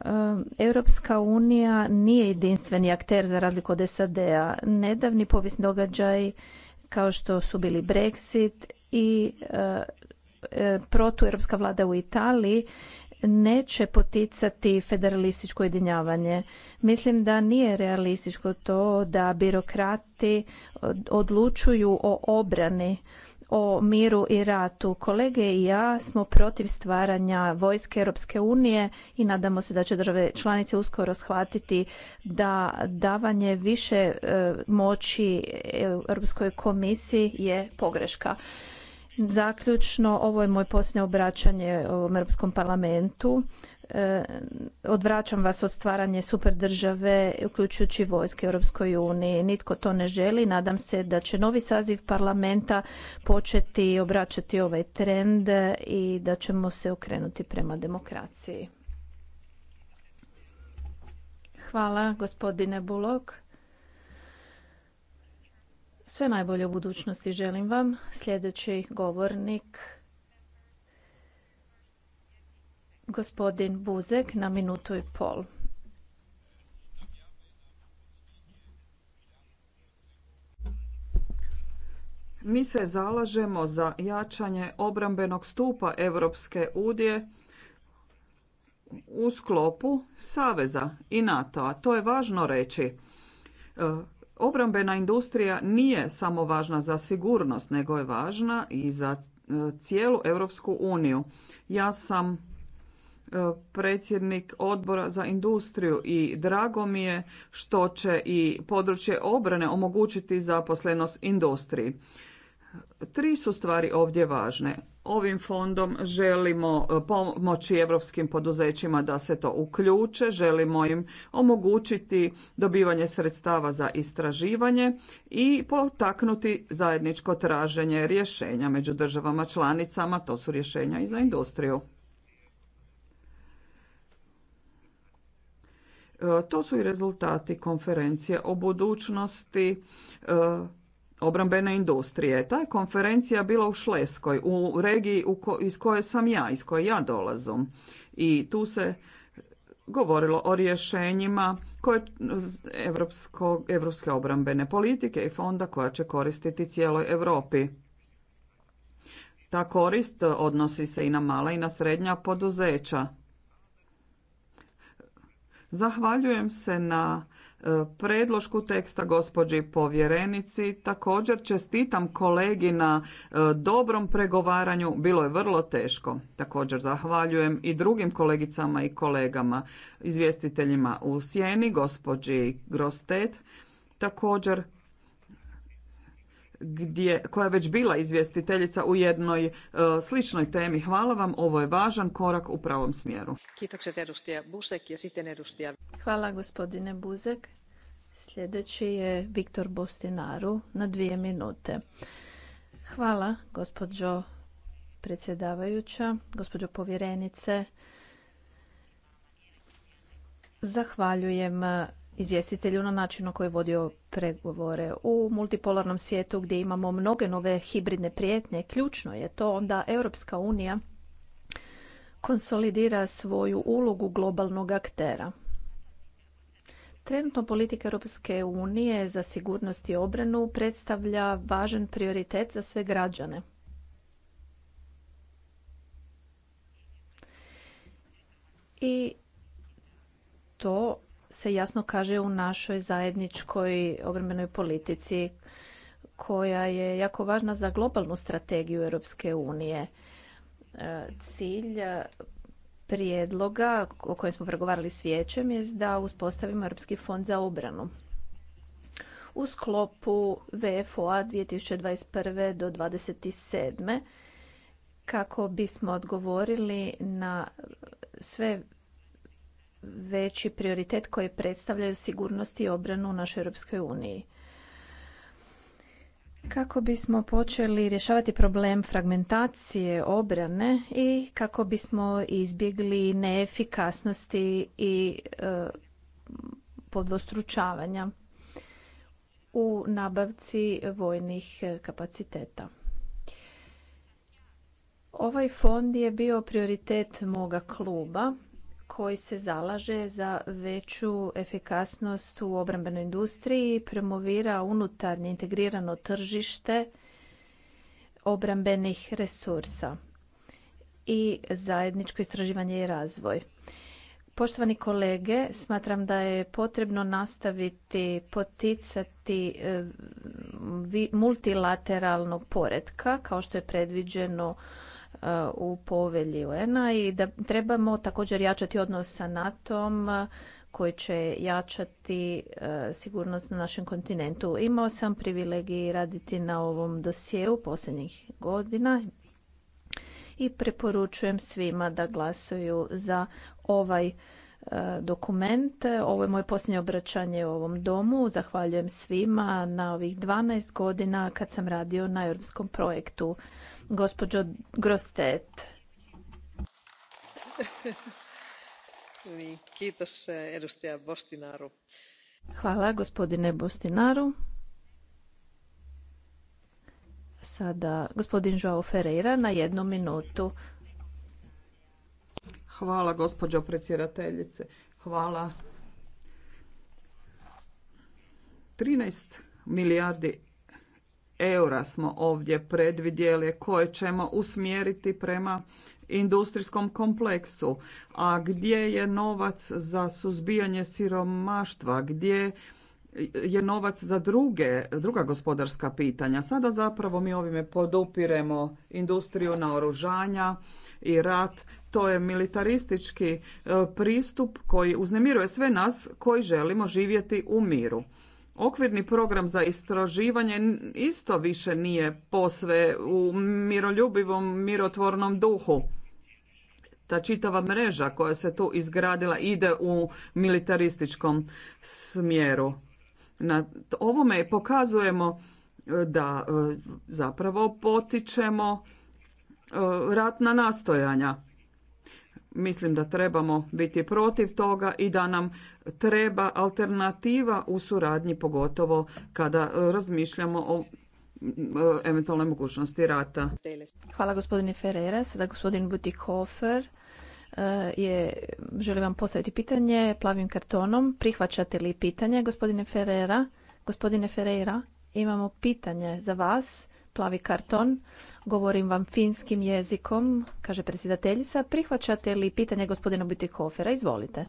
E, Europska unija nije jedinstveni akter za razliku od SAD-a. Nedavni povijesni događaj kao što su bili Brexit i e, e, protueuropska vlada u Italiji neće poticati federalističko jedinjavanje. Mislim da nije realističko to da birokrati odlučuju o obrani o miru i ratu. Kolege i ja smo protiv stvaranja vojske Europske unije i nadamo se da će države članice uskoro shvatiti da davanje više e, moći Europskoj komisiji je pogreška. Zaključno, ovo je moje posljednje obraćanje u Europskom parlamentu. E, odvraćam vas od stvaranja super države uključujući vojske Europskoj uniji. Nitko to ne želi. Nadam se da će novi saziv parlamenta početi obraćati ovaj trend i da ćemo se okrenuti prema demokraciji. Hvala gospodine Bulog. Sve najbolje u budućnosti želim vam. Sljedeći govornik Gospodin Buzek na minutu i pol. Mi se zalažemo za jačanje obrambenog stupa Europske unije u sklopu Saveza i NATO-a. To je važno reći. E, obrambena industrija nije samo važna za sigurnost, nego je važna i za e, cijelu Europsku uniju. Ja sam E, predsjednik odbora za industriju i drago mi je što će i područje obrane omogućiti zaposlenost industriji. Tri su stvari ovdje važne. Ovim fondom želimo e, pomoći europskim poduzećima da se to uključe, želimo im omogućiti dobivanje sredstava za istraživanje i potaknuti zajedničko traženje rješenja među državama članicama, to su rješenja i za industriju. E, to su i rezultati konferencije o budućnosti e, obrambene industrije. Ta je konferencija bila u Šleskoj, u regiji iz koje sam ja, iz koje ja dolazim. I tu se govorilo o rješenjima koje evropske obrambene politike i fonda koja će koristiti cijeloj Europi. Ta korist odnosi se i na mala i na srednja poduzeća. Zahvaljujem se na e, predlošku teksta gospođi povjerenici. Također čestitam kolegi na e, dobrom pregovaranju. Bilo je vrlo teško. Također zahvaljujem i drugim kolegicama i kolegama, izvjestiteljima u Sjeni, gospođi Grostet. Također gdje, koja je već bila izvjestiteljica u jednoj e, sličnoj temi. Hvala vam, ovo je važan korak u pravom smjeru. Hvala gospodine Buzek. Sljedeći je Viktor Bostinaru na dvije minute. Hvala gospođo predsjedavajuća, gospođo povjerenice. Zahvaljujem izvjestitelju na način na koji je vodio pregovore. U multipolarnom svijetu gdje imamo mnoge nove hibridne prijetnje, ključno je to onda Europska unija konsolidira svoju ulogu globalnog aktera. Trenutno politika Europske unije za sigurnost i obranu predstavlja važan prioritet za sve građane. I to se jasno kaže u našoj zajedničkoj obrambenoj politici koja je jako važna za globalnu strategiju Europske unije. E, cilj prijedloga o kojem smo pregovarali s vijećem je da uspostavimo Europski fond za obranu. U sklopu VFOA 2021. do 2027. kako bismo odgovorili na sve veći prioritet koji predstavljaju sigurnost i obranu u našoj Europskoj uniji. Kako bismo počeli rješavati problem fragmentacije obrane i kako bismo izbjegli neefikasnosti i e, podvostručavanja u nabavci vojnih kapaciteta. Ovaj fond je bio prioritet moga kluba koji se zalaže za veću efikasnost u obrambenoj industriji, i promovira unutarnje integrirano tržište obrambenih resursa i zajedničko istraživanje i razvoj. Poštovani kolege, smatram da je potrebno nastaviti poticati e, multilateralnog poretka kao što je predviđeno u povelji un i da trebamo također jačati odnos sa NATO-om koji će jačati e, sigurnost na našem kontinentu. Imao sam privilegiju raditi na ovom dosjeu posljednjih godina i preporučujem svima da glasuju za ovaj e, dokument. Ovo je moje posljednje obraćanje u ovom domu. Zahvaljujem svima na ovih 12 godina kad sam radio na europskom projektu. Gospođo Grostet. <laughs> Hvala gospodine Bostinaru. Sada gospodin Joao Ferreira na jednu minutu. Hvala gospođo predsjedateljice. Hvala. 13 milijardi eura smo ovdje predvidjeli koje ćemo usmjeriti prema industrijskom kompleksu, a gdje je novac za suzbijanje siromaštva, gdje je novac za druge, druga gospodarska pitanja. Sada zapravo mi ovime podupiremo industriju naoružanja i rat. To je militaristički e, pristup koji uznemiruje sve nas koji želimo živjeti u miru. Okvirni program za istraživanje isto više nije posve u miroljubivom, mirotvornom duhu. Ta čitava mreža koja se tu izgradila ide u militarističkom smjeru. Na ovome pokazujemo e, da e, zapravo potičemo e, ratna nastojanja mislim da trebamo biti protiv toga i da nam treba alternativa u suradnji pogotovo kada e, razmišljamo o e, eventualnoj mogućnosti rata. Hvala gospodine Ferreira. Sada gospodin Butikofer e, je, želim vam postaviti pitanje plavim kartonom. Prihvaćate li pitanje gospodine Ferreira? Gospodine Ferreira, imamo pitanje za vas plavi karton. Govorim vam finskim jezikom, kaže predsjedateljica. Prihvaćate li pitanje gospodina Butikofera? Izvolite.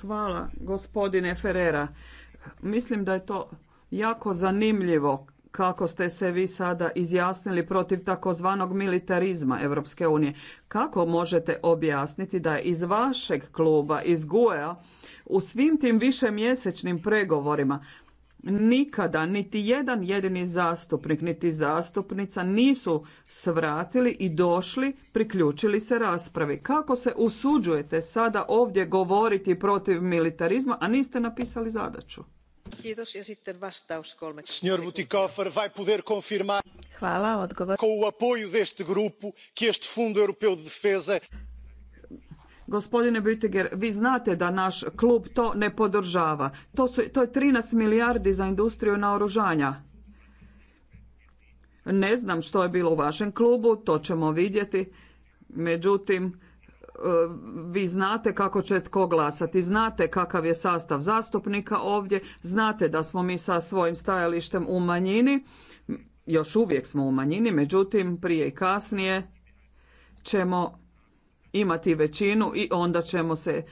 Hvala, gospodine Ferrera. Mislim da je to jako zanimljivo kako ste se vi sada izjasnili protiv takozvanog militarizma Europske unije. Kako možete objasniti da je iz vašeg kluba, iz GUE-a, u svim tim višemjesečnim pregovorima nikada niti jedan jedini zastupnik niti zastupnica nisu svratili i došli, priključili se raspravi. Kako se usuđujete sada ovdje govoriti protiv militarizma, a niste napisali zadaću? Hvala, odgovor. Gospodine Bütiger, vi znate da naš klub to ne podržava. To, su, to je 13 milijardi za industriju naoružanja. Ne znam što je bilo u vašem klubu, to ćemo vidjeti. Međutim, eh, vi znate kako će tko glasati, znate kakav je sastav zastupnika ovdje, znate da smo mi sa svojim stajalištem u manjini, još uvijek smo u manjini, međutim prije i kasnije ćemo imati većinu i onda ćemo se e,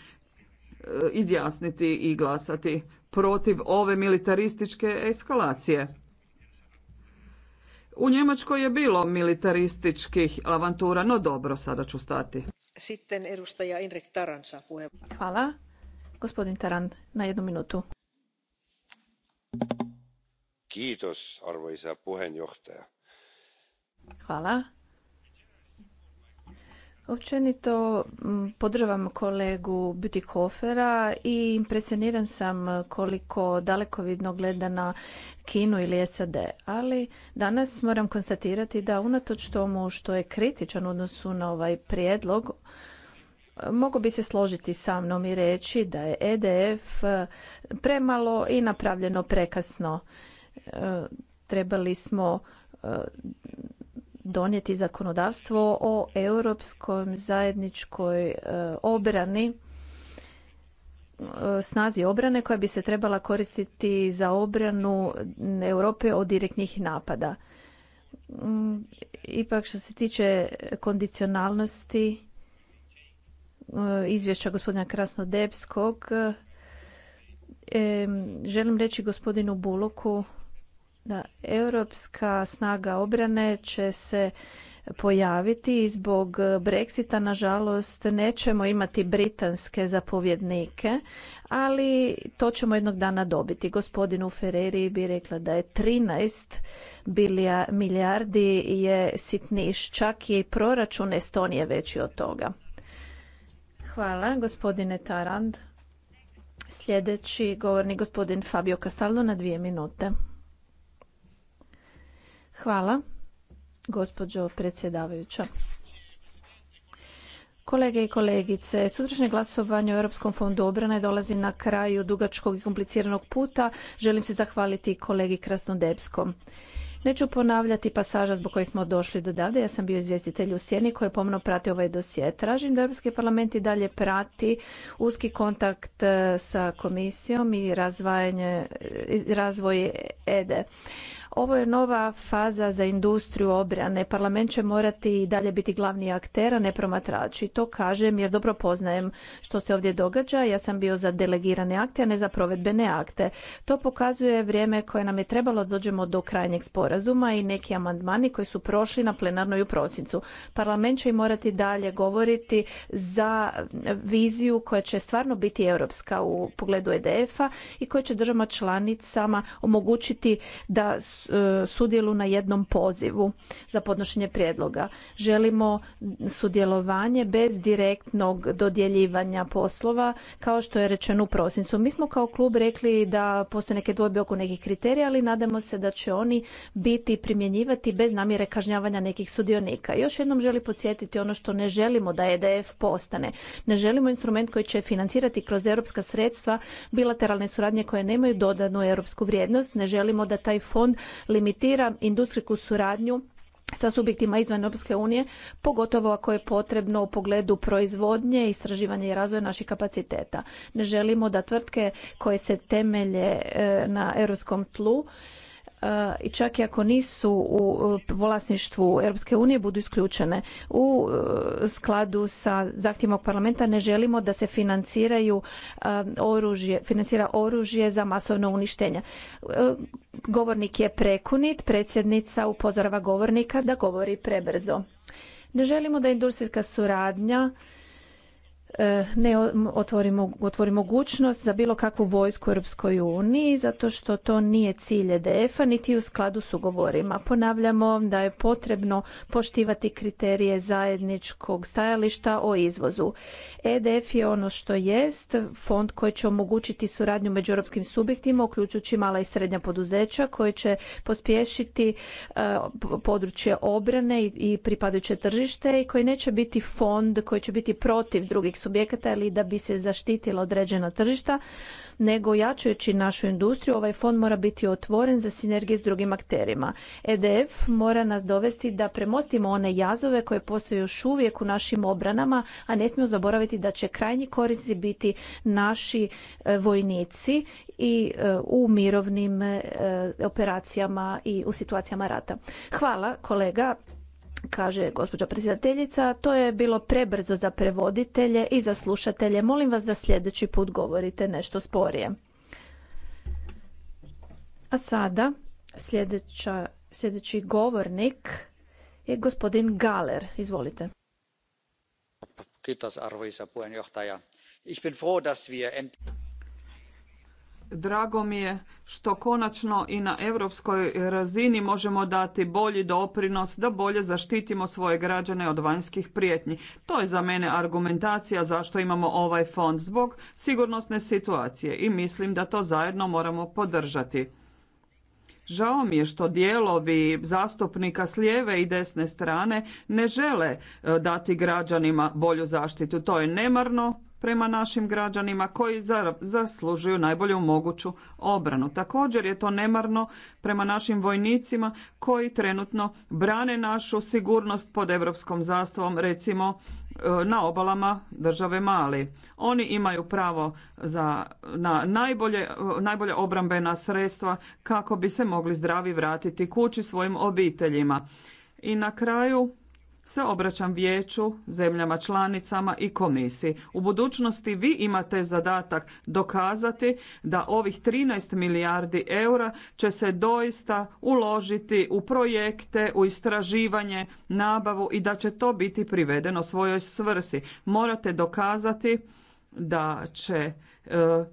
izjasniti i glasati protiv ove militarističke eskalacije. U Njemačkoj je bilo militarističkih avantura, no dobro, sada ću stati. Sitten edustaja Hvala. Gospodin Taran, na jednu minutu. Kiitos, arvoisa puheenjohtaja. Hvala, Općenito mm, podržavam kolegu Butikofera i impresioniran sam koliko dalekovidno gleda na Kinu ili SAD, ali danas moram konstatirati da unatoč tomu što je kritičan u odnosu na ovaj prijedlog, mogu bi se složiti sa mnom i reći da je EDF e, premalo i napravljeno prekasno. E, trebali smo e, donijeti zakonodavstvo o europskom zajedničkoj e, obrani e, snazi obrane koja bi se trebala koristiti za obranu Europe od direktnih napada. Mm, ipak što se tiče kondicionalnosti e, izvješća gospodina Krasnodebskog, želim reći gospodinu Buloku da europska snaga obrane će se pojaviti i zbog Brexita nažalost nećemo imati britanske zapovjednike, ali to ćemo jednog dana dobiti. Gospodinu Ferreri bi rekla da je 13 milijardi je sitniš, čak je i proračun Estonije veći od toga. Hvala gospodine Tarand. Sljedeći govornik gospodin Fabio Castaldo na dvije minute. Hvala, gospođo predsjedavajuća. Kolege i kolegice, sutrašnje glasovanje o Europskom fondu obrane dolazi na kraju dugačkog i kompliciranog puta. Želim se zahvaliti kolegi Krasnodebskom. Neću ponavljati pasaža zbog koji smo došli do davde. Ja sam bio izvjestitelj u Sjeni koji je pomno pratio ovaj dosje. Tražim da Europski parlament i dalje prati uski kontakt eh, sa komisijom i eh, razvoj EDE. Ovo je nova faza za industriju obrane. Parlament će morati i dalje biti glavni akter, a ne promatrač. I to kažem jer dobro poznajem što se ovdje događa. Ja sam bio za delegirane akte, a ne za provedbene akte. To pokazuje vrijeme koje nam je trebalo da dođemo do krajnjeg sporazuma i neki amandmani koji su prošli na plenarnoj u prosincu. Parlament će i morati dalje govoriti za viziju koja će stvarno biti europska u pogledu EDF-a i koja će državama članicama omogućiti da E, sudjelu na jednom pozivu za podnošenje prijedloga. Želimo sudjelovanje bez direktnog dodjeljivanja poslova kao što je rečeno u prosincu. Mi smo kao klub rekli da postoje neke dvojbe oko nekih kriterija, ali nadamo se da će oni biti primjenjivati bez namjere kažnjavanja nekih sudionika. Još jednom želim podsjetiti ono što ne želimo da EDF postane. Ne želimo instrument koji će financirati kroz europska sredstva bilateralne suradnje koje nemaju dodanu europsku vrijednost. Ne želimo da taj fond limitira industrijsku suradnju sa subjektima izvan Europske unije, pogotovo ako je potrebno u pogledu proizvodnje, istraživanja i razvoja naših kapaciteta. Ne želimo da tvrtke koje se temelje e, na europskom tlu i čak i ako nisu u vlasništvu Europske unije budu isključene. U e, skladu sa zahtjevom parlamenta ne želimo da se financiraju e, oružje, financira oružje za masovno uništenje. E, govornik je prekunit, predsjednica upozorava govornika da govori prebrzo. Ne želimo da industrijska suradnja E, ne otvori, mogućnost za bilo kakvu vojsku u Europskoj uniji zato što to nije cilj EDF-a niti u skladu s ugovorima. Ponavljamo da je potrebno poštivati kriterije zajedničkog stajališta o izvozu. EDF je ono što jest fond koji će omogućiti suradnju među europskim subjektima uključujući mala i srednja poduzeća koji će pospješiti e, područje obrane i pripadajuće tržište i koji neće biti fond koji će biti protiv drugih subjekata ili da bi se zaštitila određena tržišta, nego jačajući našu industriju ovaj fond mora biti otvoren za sinergije s drugim akterima. EDF mora nas dovesti da premostimo one jazove koje postoje još uvijek u našim obranama, a ne smijemo zaboraviti da će krajnji korisnici biti naši e, vojnici i e, u mirovnim e, operacijama i u situacijama rata. Hvala kolega kaže gospođa predsjedateljica, to je bilo prebrzo za prevoditelje i za slušatelje. Molim vas da sljedeći put govorite nešto sporije. A sada sljedeća, sljedeći govornik je gospodin Galer. Izvolite. Kiitos arvoisa puheenjohtaja. Ich bin froh, dass wir Drago mi je što konačno i na europskoj razini možemo dati bolji doprinos da bolje zaštitimo svoje građane od vanjskih prijetnji. To je za mene argumentacija zašto imamo ovaj fond zbog sigurnosne situacije i mislim da to zajedno moramo podržati. Žao mi je što dijelovi zastupnika s lijeve i desne strane ne žele e, dati građanima bolju zaštitu. To je nemarno, prema našim građanima koji zaslužuju najbolju moguću obranu. Također je to nemarno prema našim vojnicima koji trenutno brane našu sigurnost pod europskom zastavom, recimo e, na obalama države Mali. Oni imaju pravo za, na najbolje, najbolje obrambena sredstva kako bi se mogli zdravi vratiti kući svojim obiteljima. I na kraju se obraćam vijeću, zemljama članicama i komisiji. U budućnosti vi imate zadatak dokazati da ovih 13 milijardi eura će se doista uložiti u projekte, u istraživanje, nabavu i da će to biti privedeno svojoj svrsi. Morate dokazati da će e,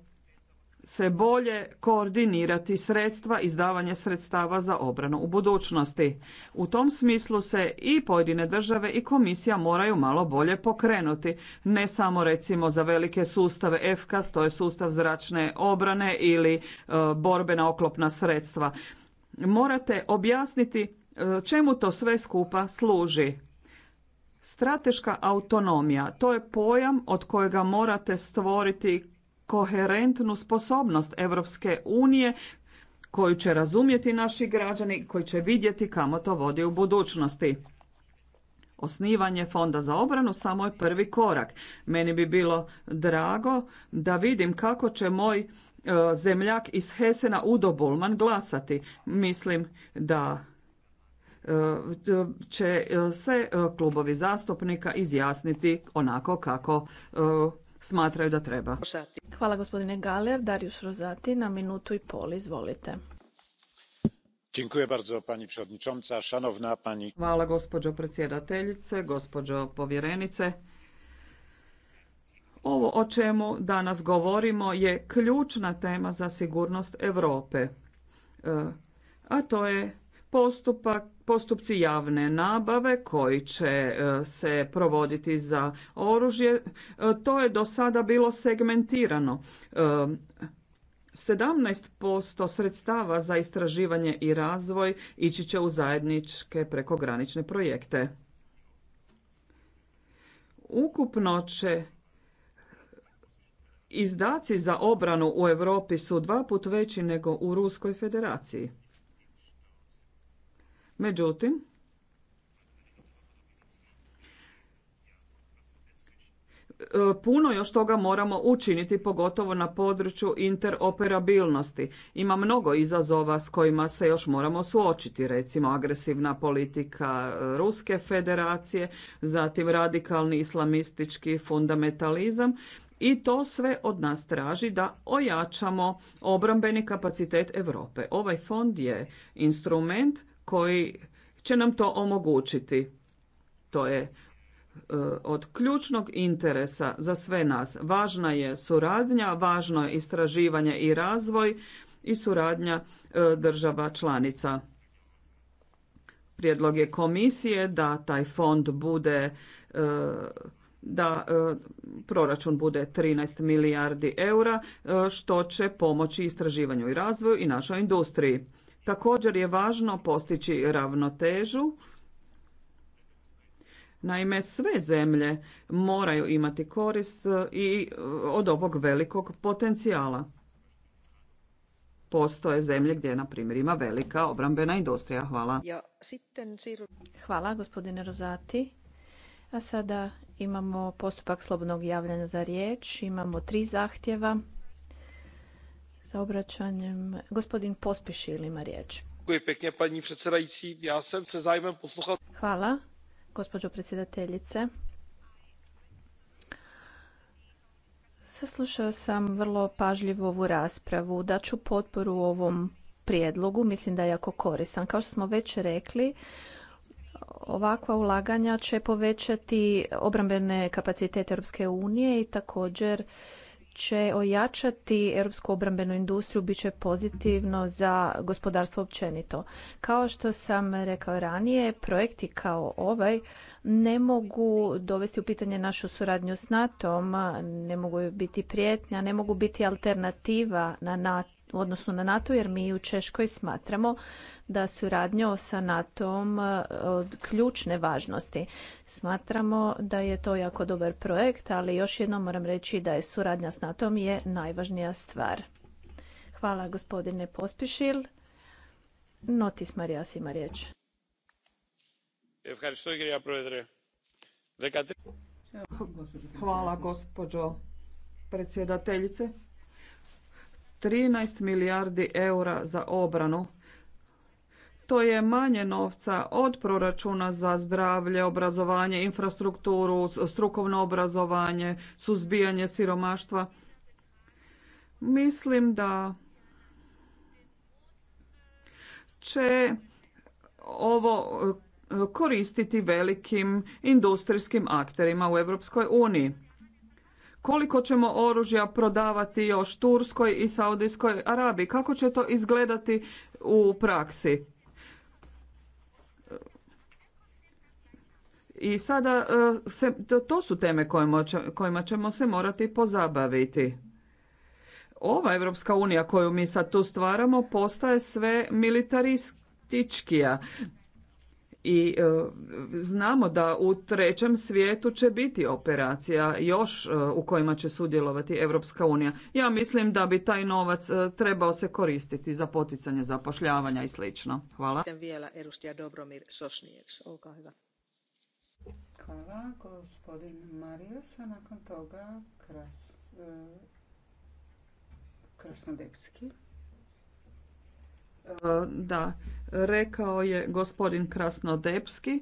se bolje koordinirati sredstva, izdavanje sredstava za obranu u budućnosti. U tom smislu se i pojedine države i komisija moraju malo bolje pokrenuti. Ne samo recimo za velike sustave EFKAS, to je sustav zračne obrane ili e, borbena oklopna sredstva. Morate objasniti e, čemu to sve skupa služi. Strateška autonomija, to je pojam od kojega morate stvoriti koherentnu sposobnost Europske unije koju će razumjeti naši građani, koji će vidjeti kamo to vodi u budućnosti. Osnivanje fonda za obranu samo je prvi korak. Meni bi bilo drago da vidim kako će moj e, zemljak iz Hesena Udo Bulman glasati. Mislim da e, će e, se klubovi zastupnika izjasniti onako kako smatraju da treba. Hvala gospodine Galer. Darius Rozati na minutu i pol. Izvolite. Bardzo, pani szanowna pani... Hvala gospođo predsjedateljice, gospođo povjerenice. Ovo o čemu danas govorimo je ključna tema za sigurnost Europe, e, a to je postupak postupci javne nabave koji će e, se provoditi za oružje. E, to je do sada bilo segmentirano. 17% e, sredstava za istraživanje i razvoj ići će u zajedničke prekogranične projekte. Ukupno će izdaci za obranu u Europi su dva put veći nego u Ruskoj federaciji. Međutim, e, puno još toga moramo učiniti, pogotovo na području interoperabilnosti. Ima mnogo izazova s kojima se još moramo suočiti, recimo agresivna politika e, Ruske federacije, zatim radikalni islamistički fundamentalizam i to sve od nas traži da ojačamo obrambeni kapacitet Europe. Ovaj fond je instrument koji će nam to omogućiti. To je e, od ključnog interesa za sve nas. Važna je suradnja, važno je istraživanje i razvoj i suradnja e, država članica. Prijedlog je komisije da taj fond bude e, da proračun bude 13 milijardi eura što će pomoći istraživanju i razvoju i našoj industriji. Također je važno postići ravnotežu. Naime, sve zemlje moraju imati korist e, i e, od ovog velikog potencijala. Postoje zemlje gdje, na primjer, ima velika obrambena industrija. Hvala. Hvala, gospodine Rozati. A sada imamo postupak slobodnog javljanja za riječ. Imamo tri zahtjeva sa obraćanjem. Gospodin ima riječ. Hvala, gospođo predsjedateljice. Saslušao sam vrlo pažljivo ovu raspravu. Daću potporu ovom prijedlogu. Mislim da je jako koristan. Kao što smo već rekli, ovakva ulaganja će povećati obrambene kapacitete Europske unije i također će ojačati europsku obrambenu industriju bit će pozitivno za gospodarstvo općenito. Kao što sam rekao ranije, projekti kao ovaj ne mogu dovesti u pitanje našu suradnju s NATO-om, ne mogu biti prijetnja, ne mogu biti alternativa na NATO u odnosu na NATO jer mi u Češkoj smatramo da suradnja sa NATO-om e, od ključne važnosti. Smatramo da je to jako dobar projekt, ali još jednom moram reći da je suradnja s NATO-om je najvažnija stvar. Hvala gospodine Pospišil. Notis Marijas ima riječ. Hvala gospođo predsjedateljice. 13 milijardi eura za obranu. To je manje novca od proračuna za zdravlje, obrazovanje, infrastrukturu, strukovno obrazovanje, suzbijanje siromaštva. Mislim da će ovo e, koristiti velikim industrijskim akterima u Europskoj uniji koliko ćemo oružja prodavati još Turskoj i Saudijskoj Arabiji. Kako će to izgledati u praksi? I sada e, se, to su teme kojima ćemo se morati pozabaviti. Ova Europska unija koju mi sad tu stvaramo postaje sve militarističkija i e, znamo da u trećem svijetu će biti operacija još e, u kojima će sudjelovati Europska unija. Ja mislim da bi taj novac e, trebao se koristiti za poticanje zapošljavanja i slično. Hvala. Hvala, gospodin a nakon toga Kras, E, da, rekao je gospodin Krasnodepski e,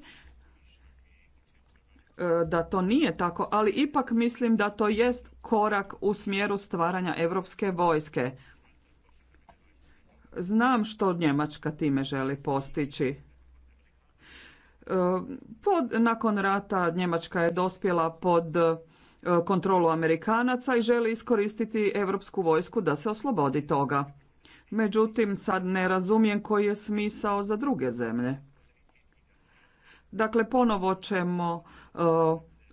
da to nije tako, ali ipak mislim da to jest korak u smjeru stvaranja europske vojske. Znam što Njemačka time želi postići. E, nakon rata Njemačka je dospjela pod kontrolu Amerikanaca i želi iskoristiti europsku vojsku da se oslobodi toga međutim sad ne razumijem koji je smisao za druge zemlje. Dakle, ponovo ćemo e,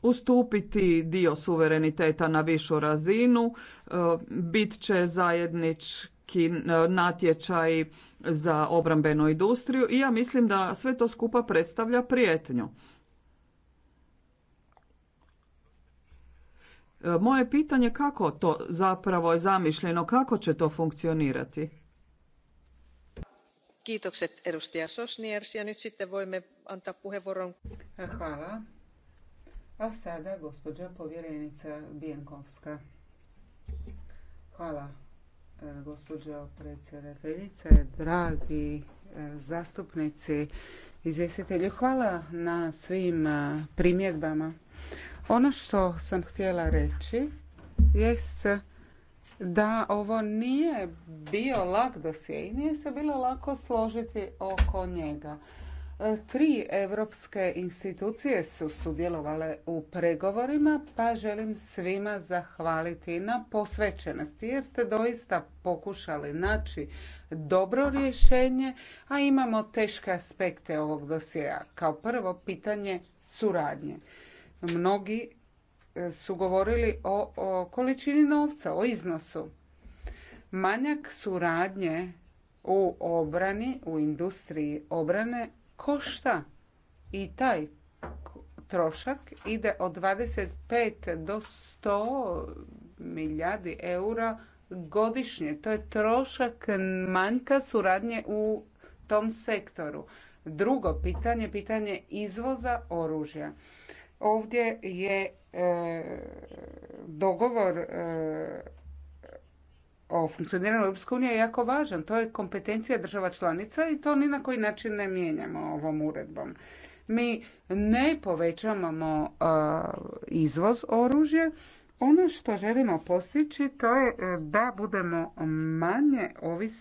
ustupiti dio suvereniteta na višu razinu, e, bit će zajednički e, natječaj za obrambenu industriju i ja mislim da sve to skupa predstavlja prijetnju. Moje pitanje kako to zapravo je zamišljeno, kako će to funkcionirati? Kiitokset edustaja nyt sitten voimme Hvala. A sada gospođa povjerenica Bijenkovska. Hvala e, gospođo predsjedateljice, dragi e, zastupnici, izvjestitelji. Hvala na svim e, primjedbama. Ono što sam htjela reći jest da ovo nije bio lak dosje i nije se bilo lako složiti oko njega. E, tri evropske institucije su sudjelovale u pregovorima, pa želim svima zahvaliti na posvećenosti jer ste doista pokušali naći dobro rješenje, a imamo teške aspekte ovog dosjea. Kao prvo pitanje suradnje. Mnogi su govorili o, količini novca, o iznosu. Manjak suradnje u obrani, u industriji obrane košta i taj trošak ide od 25 do 100 milijardi eura godišnje. To je trošak manjka suradnje u tom sektoru. Drugo pitanje, pitanje izvoza oružja. Ovdje je e, dogovor e, o funkcioniranju Europske unije jako važan. To je kompetencija država članica i to ni na koji način ne mijenjamo ovom uredbom. Mi ne povećavamo e, izvoz oružja. Ono što želimo postići to je da budemo manje ovisni